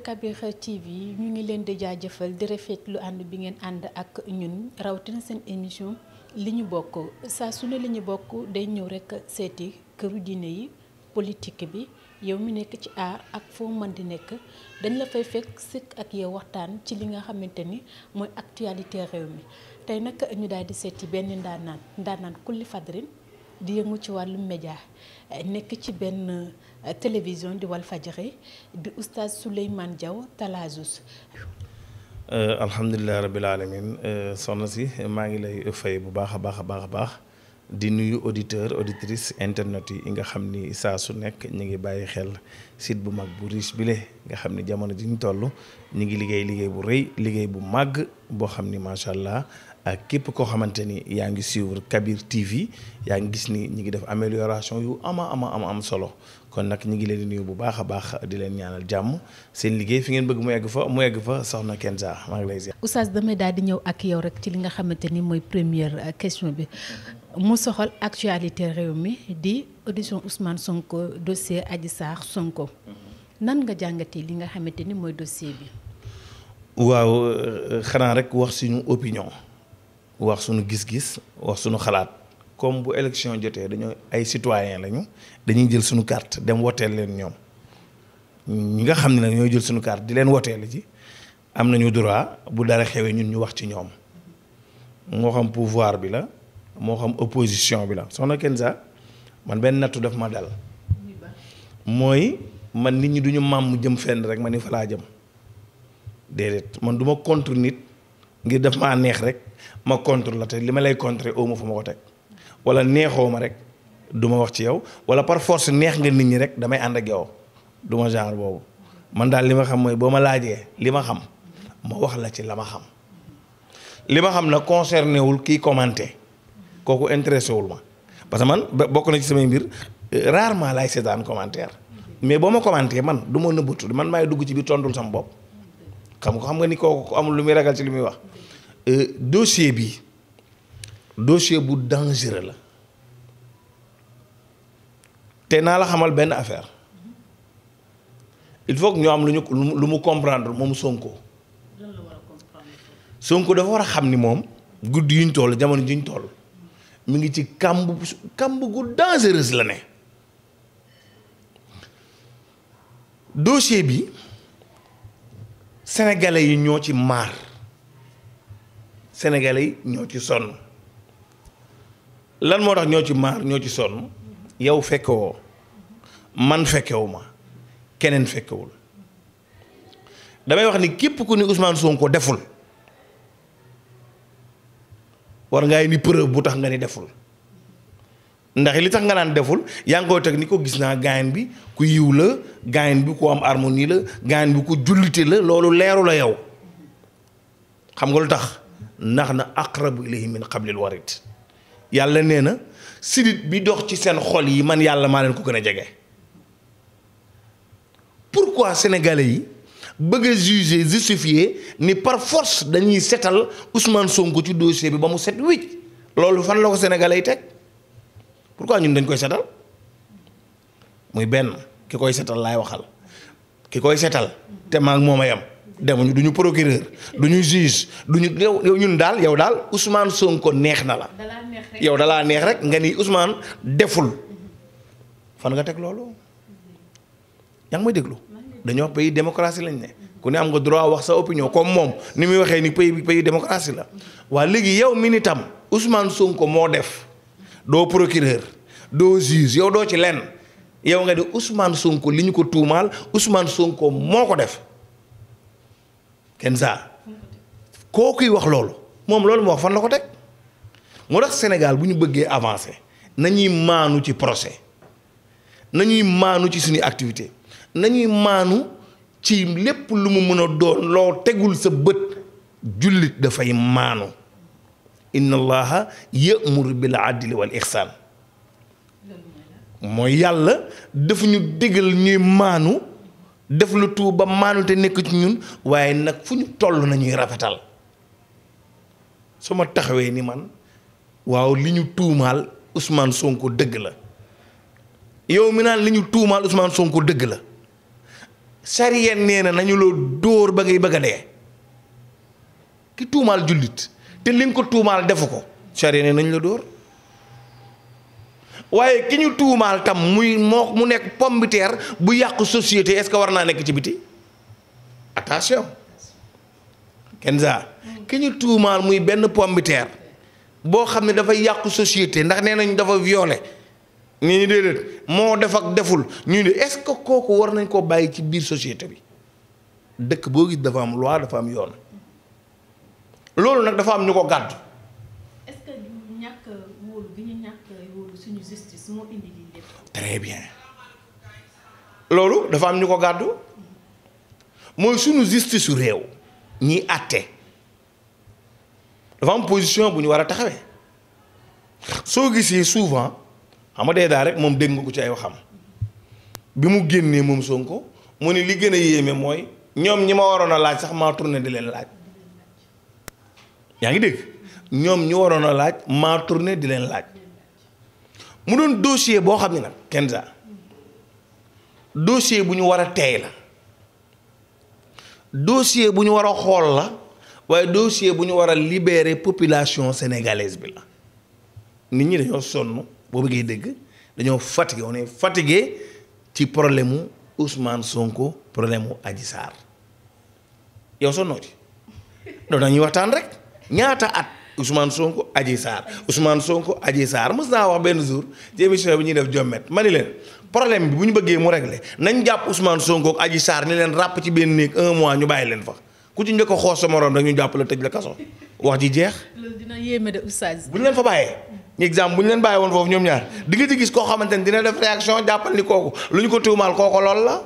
Kabir TV ñu ngi leen di jëfal di rafetlu ànd bi ngeen ànd ak ñun rawatina seen émission li ñu bokk saa su ne li ñu bokk day ñëw rek seeti këru diine yi politique bi yow mi nekk ci aar ak foo mën di nekk dañ la fay fekk sikk ak yow waxtaan ci li nga xamante ni mooy actualité réew mi tey nag ñu daal di seeti benn ndaanaan ndaanaan kulli fadrin di yëngu ci wàllu média nekk ci benn euh, télévision di Walfadjri di oustaz Souleymane Diaw Talazus euh, alhamdulilah rabbil alamin euh, soxna si maa ngi lay fay bu baax a baax a baax a baax di nuyu auditeur auditrice internet yi nga xam ni saa su nekk ñu ngi bàyyi xel site bu mag bu riche bile nga xam ni jamono ji ñu toll ñu ngi liggéey liggéey bu rëy liggéey bu màgg boo xam ni macha allah. ak képp koo xamante ni yaa ngi suivre Kabir TV yaa ngi gis ni ñi ngi def amélioration yu ama ama ama am solo kon nag ñi ngi leen di bu baax a baax di leen ñaanal jàmm seen liggéey fi ngeen bëgg mu yegg fa mu yegg fa soxna Kenza maa ngi lay ziar. daal di ñëw ak yow rek ci li nga xamante ni mooy première euh, question bi mu soxal actualité réew mi di audition Ousmane Sonko dossier aji Sarr Sonko nan nga jàngatee li nga xamante ni mooy dossier bi. waaw euh, xanaa rek wax suñu opinion. wax sunu gis-gis wax sunu xalaat comme bu élection jotee dañoo ay citoyen lañu dañuy jël sunu carte dem woteel leen ñoom ñi nga xam ne nag ñooy jël sunu carte di leen woteel ji am nañu droit bu dara xewee ñun ñu wax ci ñoom moo xam pouvoir bi la moo xam opposition bi la kenn sax man benn nattu daf ma dal mooy man nit ñi duñu maam mu jëm fenn rek ma ni fa laa jëm déedéet man duma contre nit ngir daf maa neex rek ma contre la te li ma lay contrer aw ma fu ma ko teg wala neexoo ma rek du ma wax ci yow wala par force neex nga nit ñi rek damay ànd ak yow du ma genre boobu man daal li ma xam mooy boo ma laajee li ma xam ma wax la ci la ma xam li ma xam na concerné wul kii commenté kooku intéressé wul ma parce que man bokk na ci mbir euh, rarement laay seetaan commentaire mais boo ma commenté man du ma nëbbatu man maay dugg ci biir tontul sama bopp. xam nga xam nga ni kooku ku amul lu muy ragal ci li muy wax euh, dossier bi dossier bu dangereux la te naa la xamal benn affaire il faut que am lu ñu lu mu comprendre moom sonkoo Sonko dafa war a xam ni moom guddi yuñ toll jamono juñ toll mu ngi ci kàmb kàmb gu dangereuse la ne dossier bi. sénégalais yi ñoo ci maar senegale yi ñoo ci sonn lan moo tax ñoo ci maar ñoo ci sonn yow fekkewoo man fekkewu ma keneen fekkewul damay wax ni képp ku ni Ousmane Sonko deful war ngay ni preuve bu tax nga ni deful ndax li tax nga naan deful yàngoo teg ni ko gis naa gaayen bi ku yiw la gaayen bi ku am harmonie la gaayen bi ku jullite la loolu leeru la yow xam nga lu tax ndax na aqrabu ilayhi min qablil warid yàlla nee na sidit bi dox ci seen xol yi man yàlla maa leen ko gën a jege pourquoi sénégalais yi bëgg a justifier ni par force dañuy setal Ousmane Sonko ci dossier bi ba mu set wicc loolu fan la ko sénégalais yi teg pourquoi ñun dañ koy setal muy benn ki koy setal laay waxal ki koy setal te maa moom a yem demuñu du ñu procureur du ñu juge du ñu yow ñun daal yow daal Ousmane Sonko neex na la. yow dalaa neex rek nga ni Ousmane deful fan nga teg loolu yaa ngi déglu dañoo wax pays démocratie lañ ne ku ne am nga droit wax sa opinion comme moom ni muy waxee ni pays pays démocratie la waa léegi yow mi ni tam Ousmane Sonko moo def. doo procureur doo juge yow doo ci lenn yow nga di Ousmane Sonko li ñu ko tuumaal Ousmane Sonko moo ko def kenn saa koo kuy wax loolu moom loolu moo wax fan la ko teg moo tax Sénégal bu ñu bëggee avancer nañuy maanu ci procès nañuy maanu ci suñu activité nañuy maanu ci lépp lu mu mën a doon loo tegul sa bët jullit dafay maanu inna allaha yamuru bil adli wal ixsaan mooy yàlla daf ñu digal ñuy maanu def lu tuub ba maanu te nekk ci ñun waaye nag fu ñu toll nañuy rafetal su ma taxawee ni man waaw li ñu tuumaal Ousmane Sonko dëgg la yow mi naan li tuumaal Ousmane Sonko dëgg la sariyeen nee na nañu loo dóor ba ngay bëgg dee ki tuumaal jullit te li nga ko tuumaal defu ko sariya nañu la dóor waaye ki ñu tuumaal tam muy moo mu nekk pombiteer bu yàq société est-ce que war naa nekk ci biti attention Kenza ki ñu tuumaal muy benn pombiteer boo xam ne dafa yàqu société ndax nee nañ dafa violé ñu ñu déedéet moo def ak deful ñu ne est-ce que kooku war nañ koo bàyyi ci biir société bi dëkk boo gis dafa am loi dafa am yoon loolu nag dafa am ñu ko gàddu. est-ce bi loolu dafa am ñu ko gàddu mooy suñu justice su réew ñiy àtte dafa am position bu ñu war a taxawee soo gisee souvent xam dee daa rek moom dégg nga ko ci ay waxam bi mu génnee moom Sonko mu ni li gën a yéeme mooy ñoom ñi ma waroon a laaj sax maa tourné di leen laaj. yaa ngi dégg ñoom ñu waroon a laaj maa tourné di leen laaj mu doon dossier boo xam ne nag Kenza dossier bu ñu war a teey la dossier bu ñu war a xool la waaye dossier bu ñu war a population sénégalaise bi la nit ñi dañoo sonn boo bëggee dégg dañoo fatigué on est ci problème mu Ousmane Sonko problème mu Adji Sarr yow sonnoo ci doon nañuy waxtaan rek. ñaata at Ousmane Sonko Adji Sarr Ousmane Sonko Adji saar mës naa wax benn jour ci émission bi ñuy def jommet ma ni leen problème bi bu ñu bëggee mu régler nañ jàpp Ousmane Sonko ak Adji Sarr ni leen ràpp ci benn néeg un mois ñu bàyyi leen fa ku ci njëkk a xoos sa morom rek ñu jàpp la tëj la kaso wax ji jeex. loolu dina yéeme de bu ñu leen fa bàyyee. exemple bu ñu leen bàyyi woon foofu ñoom ñaar di nga ci gis koo xamante ni dina def réaction jàppal ni kooku lu ñu ko tuumaal kooku loolu la.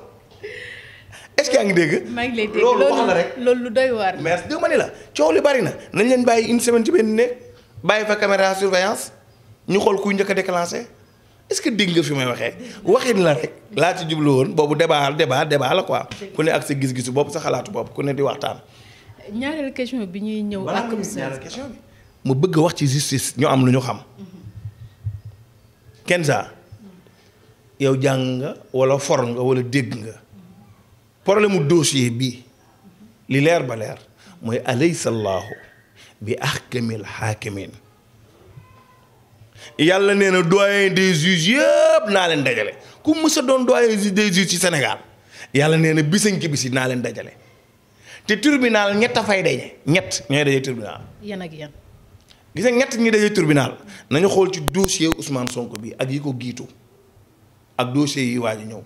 est-ce que yaa dégg. maa ngi lay la rek loolu lu doy waar. mais dégg ma ni la coow li bari na nañ leen bàyyi une semaine ci benn ne bàyyi fa caméra surveillance ñu xool kuy njëkk a déclenché est-ce que dégg nga fi may waxee waxin la rek laa ci jublu woon boobu débat débat débat la quoi ku ne ak sa gis-gisu bopp sa xalaatu boobu ku ne di waxtaan. ñaareelu question bi ñuy ñëw. ak ñaareelu question bi. mu bëgg wax ci justice ñu am lu ñu xam. Kenza yow jàng nga wala for nga wala dégg nga. problème mu dossier bi li leer ba leer mooy alaysa bi ak ahkamil xaakimin yàlla nee na doyen des juges yëpp naa leen dajale ku mës a doon doyen des juges ci Sénégal yàlla nee na bisañ ci naa leen dajale te tribunal ñett a fay daje ñett ñooy daje tribunal. ak yan. gis nga ñett ñi daje tribunal nañu xool ci dossier Ousmane Sonko bi ak yi ko giitu ak dossier yi waaj a ñëw.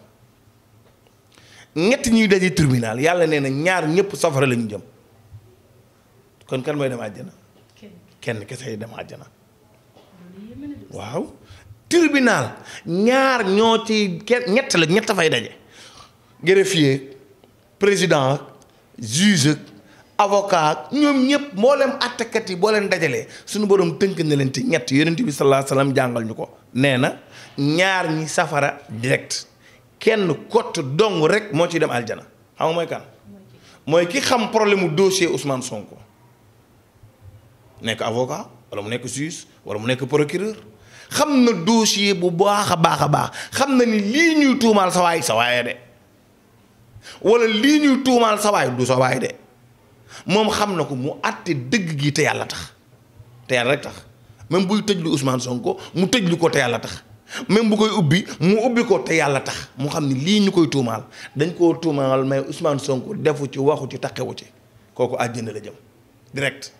ñett ñuy daje tribunal yàlla nee na ñaar ñëpp safara lañu jëm kon kan mooy dem àjjana kenn kese yi dem àjjana waaw tribunal ñaar ñoo ci kenn ñett la ñett fay daje greffier président ak juge avocat ñoom ñëpp mboolem àttekat yi boo leen dajalee suñu borom tënk na leen ci ñett yonent bi sallallahu alayhi wasallam jàngal ñu ko nee na ñaar ñi safara direct kenn kott dong rek moo ci dem aljana xam nga mooy kan mooy ki xam problème mu dossier Ousmane Sonko nekk avocat wala mu nekk juge wala mu nekk procureur xam na dossier bu baax a baax a baax xam na ni lii ñuy tuumaal sawaay waay de wala lii ñuy tuumaal sawaay waay du sa waay de moom xam na ko mu àtte dëgg gi te yàlla tax te yàlla rek tax même buy tëj lu Ousmane Sonko mu tëj lu ko te yàlla tax. même bu koy ubbi mu ubbi ko te yàlla tax mu xam ni lii ñu koy tuumaal dañ koo tuumaal mais Ousmane Sonko defu ci waxu ci taqewu ci kooku ak jënd la jëm direct.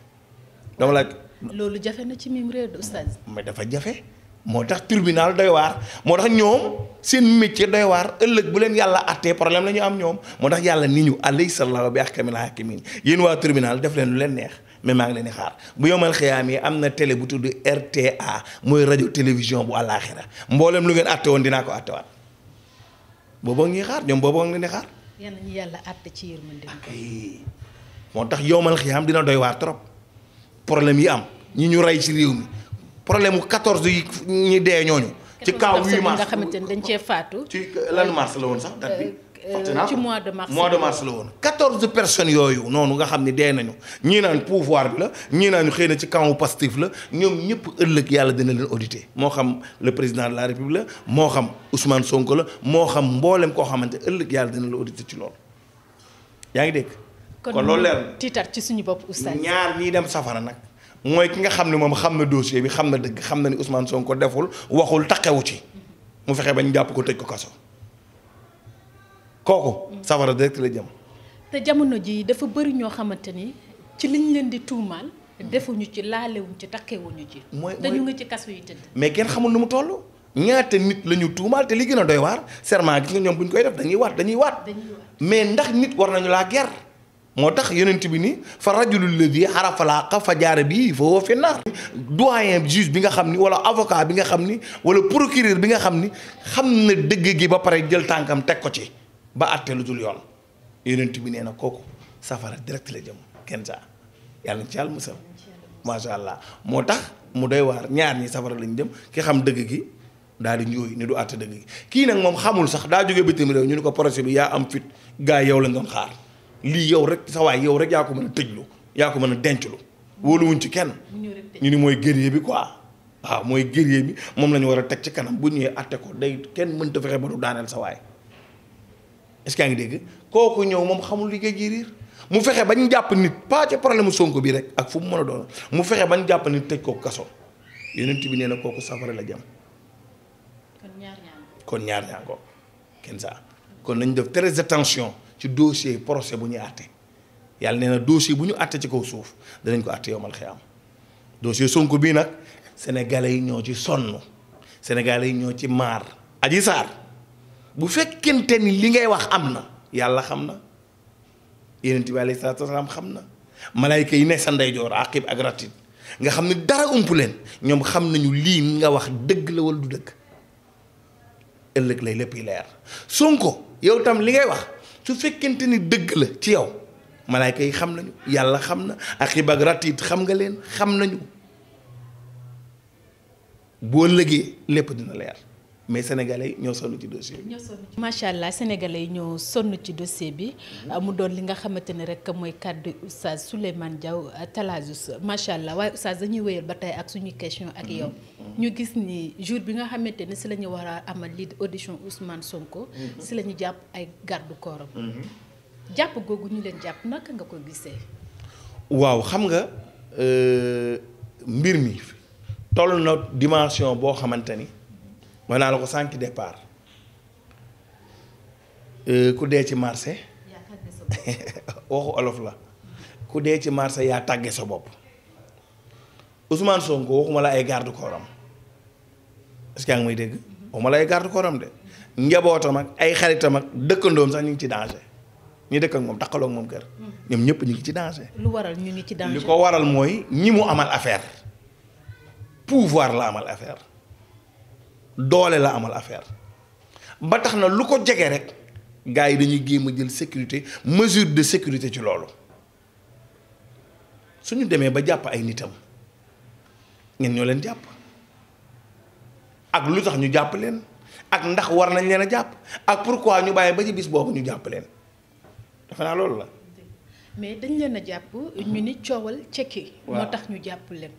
dama laaj. loolu jafe na ci même réew de oustaz. mais dafa jafe moo tax tribunal doy waar moo tax ñoom seen métier doy waar ëllëg bu leen yàlla attee problème la ñu am ñoom moo tax yàlla ni ñu alayhi sallahu bi ahkamil hakimin yéen waa tribunal def leen lu leen neex. mais maa ngi leen di xaar bu yomal xiyaam yi am na télé bu tudd RTA mooy rajo télévision bu àllaaxira mboolem lu ngeen àtte woon dinaa ko àttewaat booboo ngi xaar ñoom booboo ngi leen di xaar. yal na ci yërmande moo tax yomal xiyaam dina doy waar trop problème yi am ñi ñu rey ci réew mi problème mu 14 yi ñi dee ñooñu. ci kaw 8 mars nga xamante ne dañ cee faatu. ci lan mars la woon sax date Euh, ci mois de mars mois de mars la woon. quatorze personnes yooyu noonu nga xam ne dee nañu ñii naan pouvoir bi la ñii naan xëy na ci camp Pastef la ñoom ñëpp ëllëg yàlla dina leen auditer moo xam le président de la république la moo xam Ousmane sonk la moo xam mboolem koo xamante ëllëg yàlla dina la auditer ci loolu yaa ngi dégg. kon loolu leer na tiitar ci suñu bopp oustaz ñaar ñiy dem safara nag. mooy ki nga xam ne moom xam na dossier bi xam na dëgg xam na ni Ousmane Sonko deful waxul taqewu ci mu fexe bañ jàpp ko tëj ko kooku safara direct la jëm. te jamono ji dafa bëri ñoo xamante ni ci liñ leen di tuumaal. defuñu ci laalewuñ ci takkewuñu ci. mooy dañu nga ci kaso yi tëdd. mais kenn xamul nu mu toll ñaata nit la ñu tuumaal te li gën a doy waar serment gis nga ñoom bu ñu koy def dañuy waat dañuy waat. mais ndax nit war nañu laa ger. moo tax yonent bi ni fa rajulul ladi arafa laaqa fa jaare bii fa huwa fi naar doyen juge bi nga xam ni wala avocat bi nga xam ni wala procureur bi nga xam ni xam na dëgg gi ba pare jël tànkam teg ko ci. ba àtte lu dul yoon yonent bi nee na kooku safara direct la jëm kenn saa yàlla na ci yàlla musal macha allah moo tax mu doy waar ñaar ñi safara lañ jëm ki xam dëgg gi daal di njóoy ni du àtte dëgg kii nag moom xamul sax daa jógee bitim réew ñu ne ko projet bi yaa am fit gaa yow lañ doon xaar lii yow rek sa waay yow rek yaa ko mën a tëj lu yaa ko mën a denclu wuñ ci kenn ñu ni mooy guerrier bi quoi waaw mooy guerrier bi moom la ñu war a teg ci kanam bu ñëwee àtte ko day kenn mënta fexe ba du daaneel sa waay est-ce que yaa ngi dégg kooku ñëw moom xamul liggéey ji riir mu fexe bañ jàpp nit pas ci problème Sonko bi rek ak fu mu mën a doon mu fexe bañ jàpp nit tëj kooku kaso yonent bi nee na kooku safara la jëm. kon ñaar ñaar kon ñaar ñaar ko kenn saa kon nañ def très attention ci dossier procès bu ñuy àtte yàlla nee na dossier bu ñu àtte ci kaw suuf danañ ko àtte yomal am dossier Sonko bii nag sénégalais yi ñoo ci sonn sénégalais yi ñoo ci maar aji saar bu fekkente ni li ngay wax am na yàlla xam na yonent bi alayhi salaatu wasalaam xam na malaayka yi ne sa ndeyjoor aqib ak ratid nga xam ne dara ump leen ñoom xam nañu lii nga wax dëgg la wala du dëgg ëllëg lay lépp yi leer Sonko yow tam li ngay wax su fekkente ni dëgg la ci yow malaayka yi xam nañu yàlla xam na aqib ak ratid xam nga leen xam nañu boo lëgee lépp dina leer mais sénégalais ñoo sonn ci dossier bi. macha allah sénégalais ñoo sonn ci dossier bi mhm. mu doon li nga xamante ne rek mooy kàddu oustaz Souleymane Diaw Talazus macha allah waaye oustaz dañuy wéyal ba tey ak suñuy question ak mhm. yow. ñu gis ni jour bi nga xamante ne si la war a amal lii audition Ousmane Sonko. Mhm. si lañu jàpp ay garde corps am jàpp googu ñu leen jàpp naka nga ko gisee. waaw xam nga euh, mbir mi toll na dimension boo xamante ni. mooy naa la ko sànq départ euh, ku dee ci marse waxu olof la ku dee ci marché yaa tàgge sa bopp Ousmane Sonko waxuma la ay garde corps am est-ce yaa ngi may dégg mhm. waxuma la ay garde corps am de mhm. njabootam ak ay xaritam ak dëkkandoom sax ñu ngi ci danger ñu dëkk moom taqaloo ak moom kër. Mhm. ñoom ñëpp ñu ngi ci danger. lu waral ñu ngi ci danger li ko waral mooy ñi mu amal affaire pouvoir la amal affaire. doole la amal affaire ba tax na lu ko jege rek gars yi dañuy géem a jël sécurité mesure de sécurité ci loolu ñu demee ba jàpp ay nitam ngeen ñoo leen jàpp ak lu tax ñu jàpp leen ak ndax war nañ leen a jàpp ak pour quoi ñu bàyyi ba ci bis boobu ñu jàpp leen defe naa loolu la. mais dañ leen a jàpp ñu ni coowal cekki. moo tax ñu jàpp leen.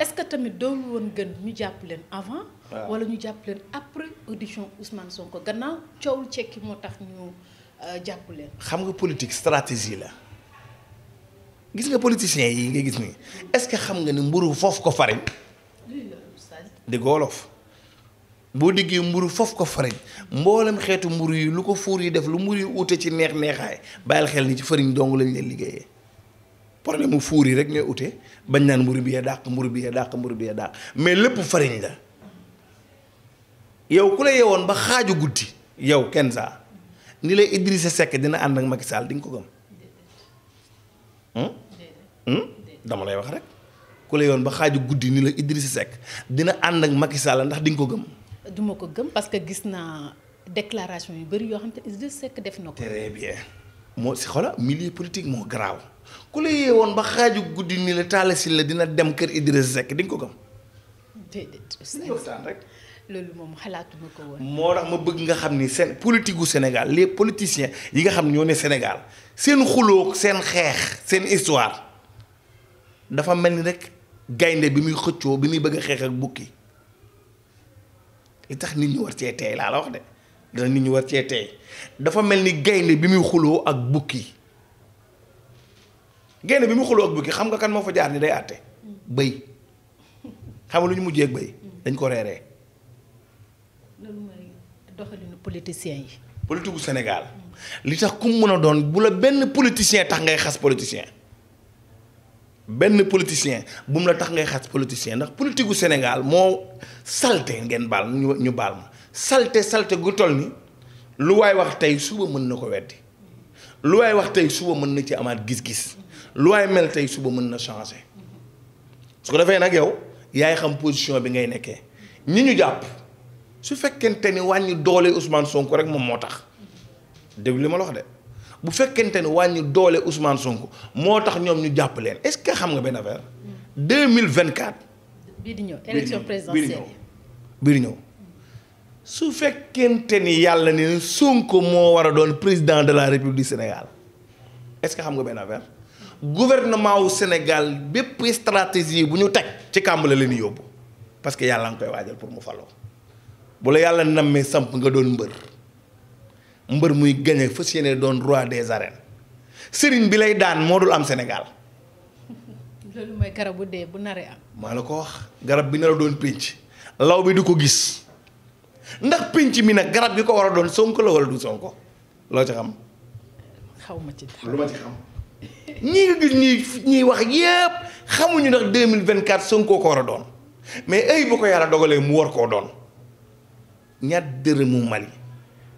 est-ce que tamit doo woon gën ñu jàpp leen avant. wala ñu jàpp leen après audition Ousmane ko gannaaw coowul cekki moo tax ñu euh, jàpp leen. xam nga politique stratégie la gis nga politiciens yi nga gis nii est-ce que xam nga ne mburu foofu ko fariñ. di goolof boo diggee mburu foofu ko fariñ mboolem xeetu mburu yi lu ko fuur yi def lu mburu yi ute ci neex neexaay bàyyil xel ni ci fariñ dong lañ leen liggéeyee. problème mu fuur yi rek ñooy ute bañ naan mburu bi ya dàq mburu bi ya dàq mburu bi dàq mais lépp fariñ la. yow ku la yeewoon ba xaaju guddi yow kenn Kenza ni lay Idrissa Seck dina ànd ak Macky Sall di ko gëm. Hmm? Hmm? dama lay wax rek ku la yeewoon ba xaaju guddi ni la Idrissa Seck dina ànd ak Macky Sall ndax di ko gëm. du ma ko gëm parce que gis naa déclaration yu bëri yoo xam te Idrissa def na bien moo si xola milieu politique moo garaaw ku la yeewoon ba xaaju guddi ni la Talla Sylla dina dem kër Idrissa Seck di nga ko gëm. déedéet loolu moom xalaatuma ko woon. moo tax ma bëgg nga xam ni seen politique gu Sénégal les politiciens yi nga xam ñoo ne Sénégal seen xuloo seen xeex seen histoire dafa mel ni rek gaynde bi muy xëccoo bi muy bëgg a xeex li tax nit ñu war cee tey laa wax de dana nit ñu war cee tey dafa mel ni gaynde bi muy xuloo ak bukki gaynde bi muy xuloo ak bukki xam nga kan moo fa jaar ni day àtte mm. bëy xam nga lu ñu mujjee bëy mm. dañ ko reeree loolu mooy yi. politique gu Sénégal li tax ku mu mën a doon bu la benn politicien tax ngay xas politicien benn politicien bu mu la tax ngay xas politicien ndax politique gu Sénégal moo salte ngeen baal ñu ñu baal ma salte salte gu toll ni lu waaye wax tey suba mën na ko weddi lu waaye wax tey suba mën na ci amaat gis-gis lu waay mel tey suba mën na changé su ko defee nag yow yaay xam position bi ngay nekkee ñi ñu jàpp. su fekkente ni wàññi doole Ousmane Sonko rek moom moo tax déglu li ma de bu fekkente ni wàññi doole Ousmane Sonko moo tax ñoom ñu jàpp leen est-ce que xam nga benn affaire deux mille vingt quatre. bii di ñëw élection présidentielle bii di su fekkente ni yàlla ne Sonko moo war a doon président de la République Sénégal est-ce que xam nga benn affaire gouvernement wu Sénégal bépp stratégie bu ñu teg ci kàmb la leen yóbbu parce que yàlla nga koy waajal pour mu faloo. bu la yàlla nammee samp nga doon mbër mbër muy gañe fas yéene doon roi des arènes sëriñ bi lay daan moo dul am Sénégal. loolu mooy garab bu dee bu naree am. maa la ko wax garab bi na la doon pénc law bi du ko gis ndax pinc mi nag garab gi ko war a doon sonko la wala du sonko loo ci xam. xaw ci lu ma ci ñii nga gis ñii ñuy wax yépp xamuñu ndax deux mille vingt quatre sonko ko war a doon mais ay bu ko yàlla dogalee mu war koo doon. ñaar dërëmu Mali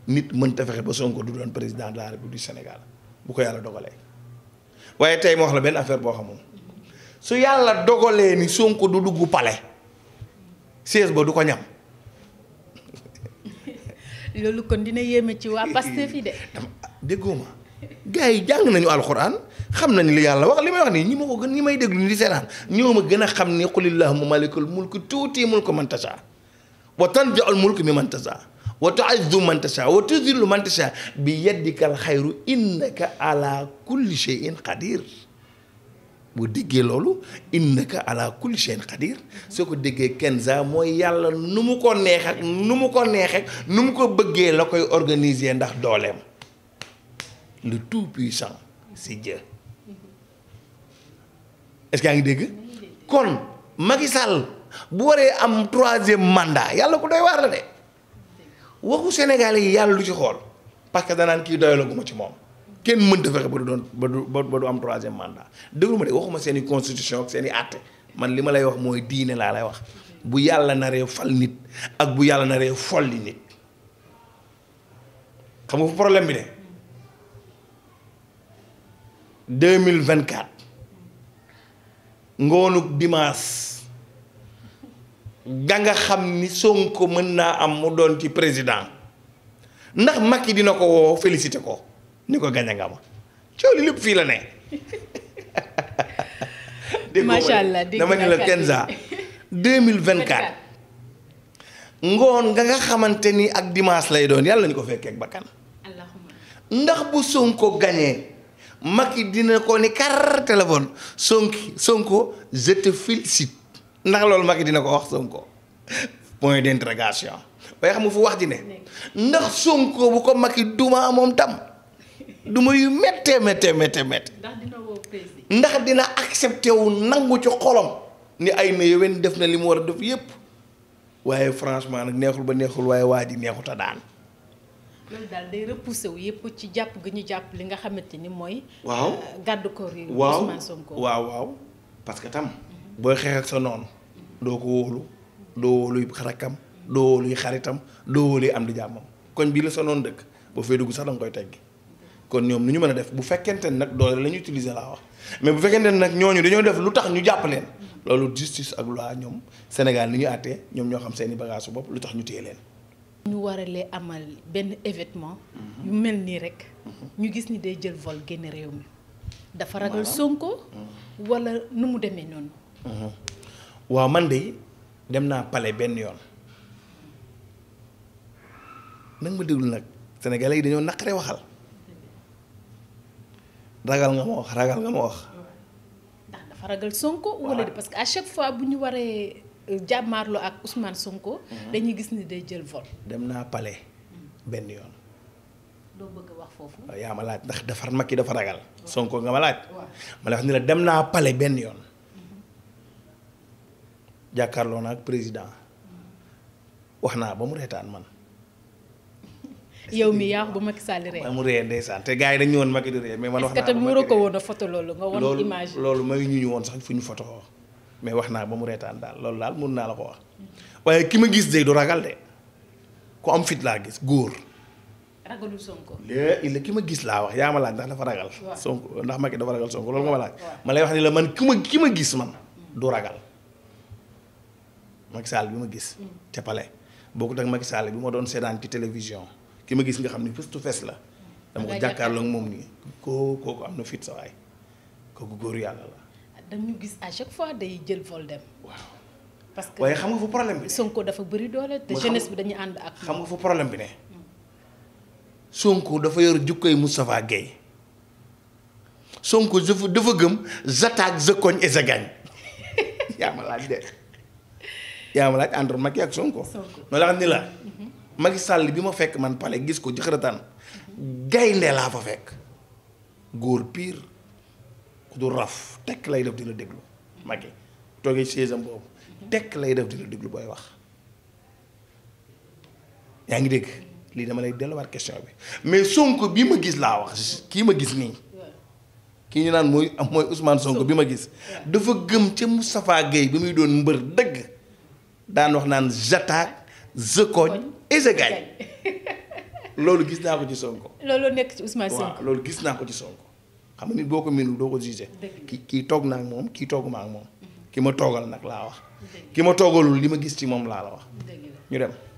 nit mënta fexe ba Sonko du doon président de la République du Sénégal bu ko yàlla dogalee waaye tey ma wax la benn affaire boo xamoon su yàlla dogalee ni Sonko du dugg pale siège ba du ko ñam. loolu kon dina yéeme ci waa Pastef yi de. déggoo ma gars yi jàng nañu alxuraan xam nañu li yàlla wax li may wax nii ñi ma ko gën ñi may déglu ni di seetaan ñoo ma gën a xam ni qulillahumma malikul mulk tuuti ko mënta tashaa wa tanzi'ul mulka mimman tashaa wa tu'izzu man tashaa wa tudhillu man bi yaddikal xayru innaka ala kulli shay'in qadir bu déggee loolu innaka ala kulli shay'in qadir soo ko déggee Kenza mooy yàlla nu mu ko neex ak nu mu ko neex ak nu mu ko bëggee la koy organiser ndax dooleem lu tout puissant c'est Dieu est-ce yaa ngi dégg kon Macky bu waree am troisième mandat yàlla ko doy waar la de waxu Sénégalais yi yàlla lu ci xool parce que danaan kii doyalaguma ci moom kenn mënta fexe ba du doon ba du ba du am troisième mandat déglu ma de waxuma seeni i constitution ak seen àtte man li ma lay wax mooy diine laa lay wax bu yàlla naree fal nit ak bu yàlla naree folli nit xam nga fu problème bi ne deux mille vingt quatre ngoonuk da xam ni Sonko mën naa am mu doon ci président ndax mag yi dina ko woo félicité ko ni ko gañ nga ma coow lépp fii la ne. macha allah dégg dama ne mille vingt 2024. ngoon nga nga xamante ni ak dimanche lay doon yàlla ñu ko fekkee ak bakkan. ndax bu Sonko gañee Macky dina ko ni kar téléphone Sonki Sonko je te félicite. ndax loolu Macky dina ko wax Sonko point d'interrogation waaye xam nga fu wax di ne ndax Sonko bu ko mag Macky duma amoon tam duma yu méttee méttee méttee ndax dina accepté wu nangu ci xolom ni ay na yowén def na li mu war a def yépp waaye franchement nag neexul ba neexul waaye waa di neexut a daan loolu daal day repoussé wu yëpp ci jàpp gi ñu jàpp li nga xamante ni mooy. waaw euh, gàddu ko waaw waaw waaw parce que tam. booy xeex ak sa noonu doo ko wóolu doo wóoluy xarakam doo wóoluy xaritam doo wóoluy am di jàmmam koñ bii la sa noonu dëkk boo fee dugg sax danga koy teggi kon ñoom nu ñu mën a def bu fekkente ne nag doole la ñu utiliser laa wax mais bu fekkente ne nag ñooñu dañoo def lu tax ñu jàpp leen loolu justice ak loi ñoom Sénégal ni ñu àttee ñoom ñoo xam seeni bagage su bopp lu tax ñu téye leen. ñu waralee amal benn événement. yu mel nii rek. ñu gis ni day jël vol génn réew mi. dafa ragal mm. nu mu demee noonu. Mhm. waaw man de dem naa pale benn yoon nag ma déglu nag sénégalais yi dañoo naqare waxal ragal nga ma wax ragal nga ma wax. ndax dafa ragal Sonko. que à chaque fois bu ñu waree euh, jàmmaarloo ak Ousmane Sonko. Mhm. dañuy gis ni day jël vol. dem naa palais benn yoon. foofu. yaa ma laaj ndax dafa Macky dafa ragal. Sonko nga ma laaj. ma la wax ni la dem naa pale benn yoon. jàkkaarloo na ak président wax naa ba mu reetaan man. yow mi yaa wax ba Macky Sall ree ba mu ree ndeysaan te gaa yi dañu ñëwoon Macky du ree mais man wax naa ba mu ko woon a photo loolu nga ñu ñu woon sax fu ñu photo mais wax naa ba mu reetaan daal loolu daal mun naa la ko wax waaye ki ma gis de du ragal de ku am fit laa gis góor. ragalul Sonko. ki ma gis laa wax yaa ma laaj ndax dafa ragal. Sonko ndax Macky dafa ragal Sonko loolu nga ma laaj. ma lay wax ni la man ki ma ki ma gis man du ragal. Macky Sall bi ma gis. te palais bokkut ak Macky Sall bi ma doon seetaan ci télévision ki ma gis nga xam ni fës tu la. dama ko jàkkaarloo ak moom nii koo kooku am na fit sa kooku góor yàlla la. dañu gis à chaque fois day jël vol dem. waaw parce que waaye xam nga fu problème bi. Sonko dafa bëri doole te jeunesse bi dañuy ànd ak. xam nga fu problème bi ne. Hmm. Sonko dafa yor jukkoy Moustapha Guèye Sonko dafa dafa gëm j'attaque je cogne et je gagne yaa ma laaj de. yaa ma laaj entre Macky ak Sonko. Sonko la xam ni la. Macky Sall bi ma fekk man pale gis ko jëxërëtaan gaynde laa fa fekk góor piir ku du raf tekk lay def di déglu mag toogee chaise am boobu tekk lay def di la déglu booy wax yaa ngi dégg lii dama lay delluwaat question bi mais Sonko bi ma gis laa wax kii ma gis nii kii ñu naan mooy mooy Ousmane Sonko bi ma gis dafa gëm ca Moustapha Gueye bi muy doon mbër dëgg daan wax naan j'attaque je cogne et loolu gis naa ko ci Sonko. loolu nekk ci Ousmane Sonko waaw loolu gis naa ko ci Sonko. xam nga nit boo ko miinul doo ko jugé. ki kii toog naa ak moom kii tooguma ak moom. Mhm. ki ma toogal nag laa wax. ki ma toogalul li ma gis ci moom laa la wax. ñu dem.